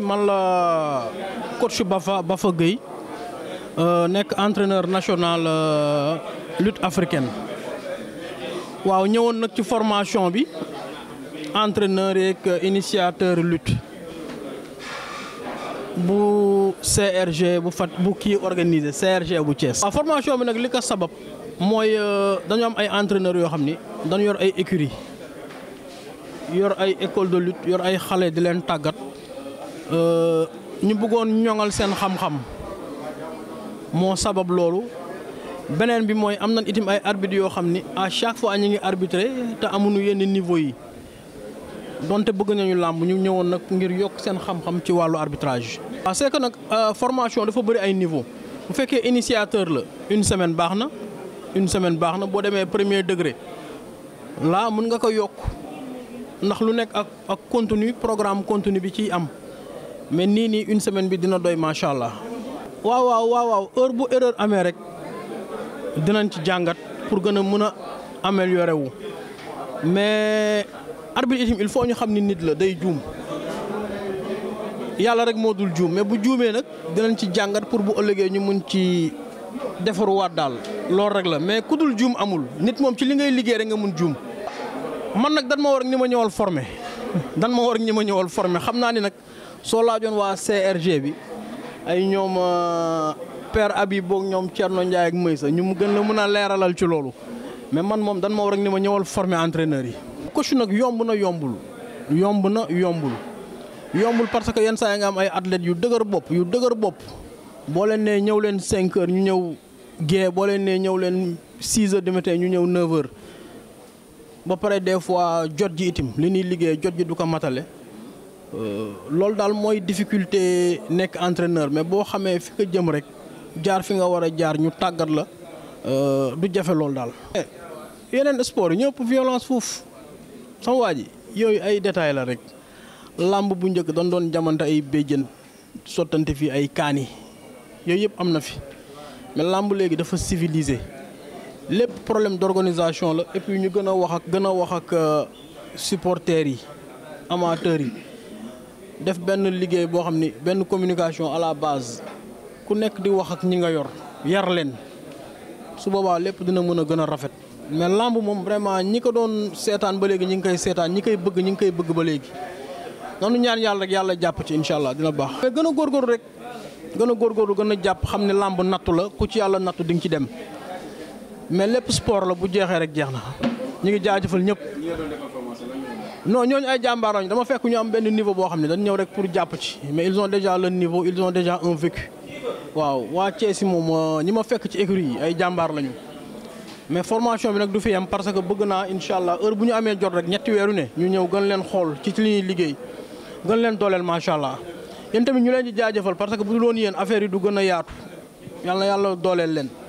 man la coach Bafa Bafa Gueye euh, nekk entraîneur national euh, lutte africaine waaw ñëwoon nag ci formation bi entraîneur yeeg initiateur lutte bu CRG bu fat bu kii organisé CRG bu Thiès. waaw formation bi nag li ko sabab mooy euh, dañu am ay entraîneurs yoo xam ni dañu yor ay écurie yor ay école de lutte yor ay xale di leen tàggat. Euh, ñu bëggoon ñoŋal seen xam-xam moo sabab loolu beneen bi mooy am nañ itim ay arbitre yoo xam ni à chaque fois ñu ngi arbitré te amuñu yenn niveau yi donte bëgg nañu làmb ñu ñëwoon nag ngir yokk seen xam-xam ci wàllu arbitrage. parce que nag euh, formation dafa bëri ay niveau bu fekkee initiateur la une semaine baax na une semaine baax na boo demee premier degré là mën nga ko yokk ndax lu nekk ak ak contenu programme contenu bi ciy am. mais nii nii une semaine bi dina doy macha allah. waaw waaw waaw waaw heure bu erreur amee rek dinañ ci jàngat pour gën a mën a améliorer wu mais arbitre itim il faut ñu xam ni nit la day juum yàlla rek moo dul juum mais bu juumee nag dinañ ci jàngat pour bu ëllëgee ñu mun ci defaruwaat daal loolu rek la mais ku dul juum amul nit moom ci li ngay liggéey rek nga mun juum man nag dan ma war ni ma ñëwal formé. dan ma war ñi ma ñëwal forme xam naa ni nag soo laajoon waa CRG bi ay ñoom euh, père Habib boog ñoom Thierno Ndiaye ak Maysa ñu mu gën la mën a leeralal ci loolu mais man moom dan ma war ni ma ñëwal forme entraîneur yi. coach nag yomb na yombul yomb na yombul yombul parce que yenn saa ay athlètes yu dëgër bopp yu dëgër bopp boo leen nee ñëw leen 5 ñu ñëw gée boo leen nee ñëw leen 6 heures du ñu ñëw 9 ba pare dee fois jot ji itam li ñuy liggéey jot ji du ko matale euh, loolu daal mooy difficulté nekk entraîneur mais boo xamee fi nga jëm rek jaar fi nga war a jaar ñu tàggat la euh, du jafe loolu daal. Eh, yeneen sport yi ñëpp violence foofu sama waa ji yooyu ay détails la rek làmb bu njëkk dañ doon jamante ay béjjën sottante fii ay kaani yooyu yëpp am na fi mais làmb léegi dafa civilisé. lépp problème d'organisation la et puis ñu gën a wax ak gën a wax ak euh, supporters yi amateurs yi def benn liggéey boo xam ni benn communication à la base ku nekk di wax ak ñi nga yor yar leen su boobaa lépp dina mën a gën a rafet. mais làmb moom vraiment ñi ko doon seetaan ba léegi ñi ngi koy seetaan ñi koy bëgg ñi ngi koy bëgg ba léegi nanu ñaan yàlla rek yàlla jàpp ci incha allah dina baax. mais gën a góorgóorlu rek gën a góorgóorlu gën a jàpp xam ne làmb nattu la ku ci yàlla nattu di nga ci dem. mais lépp sport la bu jeexee rek jeex na ñu ngi jaajëfal ñëpp. non ñooñu ay jàmbaar lañu dama fekk ñu am benn niveau boo xam ne dañ ñëw rek pour jàpp ci mais ils ont déjà le niveau ils ont déjà un vécu. waaw waa Thiès moom euh, ñi ma fekk ci écurie yi ay jàmbaar lañu mais formation bi nag du fi am parce que bëgg naa incha allah heure bu ñu amee jot rek ñetti weeru ne ñu ñëw gën leen xool ci li ñuy liggéey gën leen dooleel macha allah yéen tamit ñu leen di jaajëfal parce que bu dul yéen affaire yi du gën yaatu yàlla yàlla dooleel leen.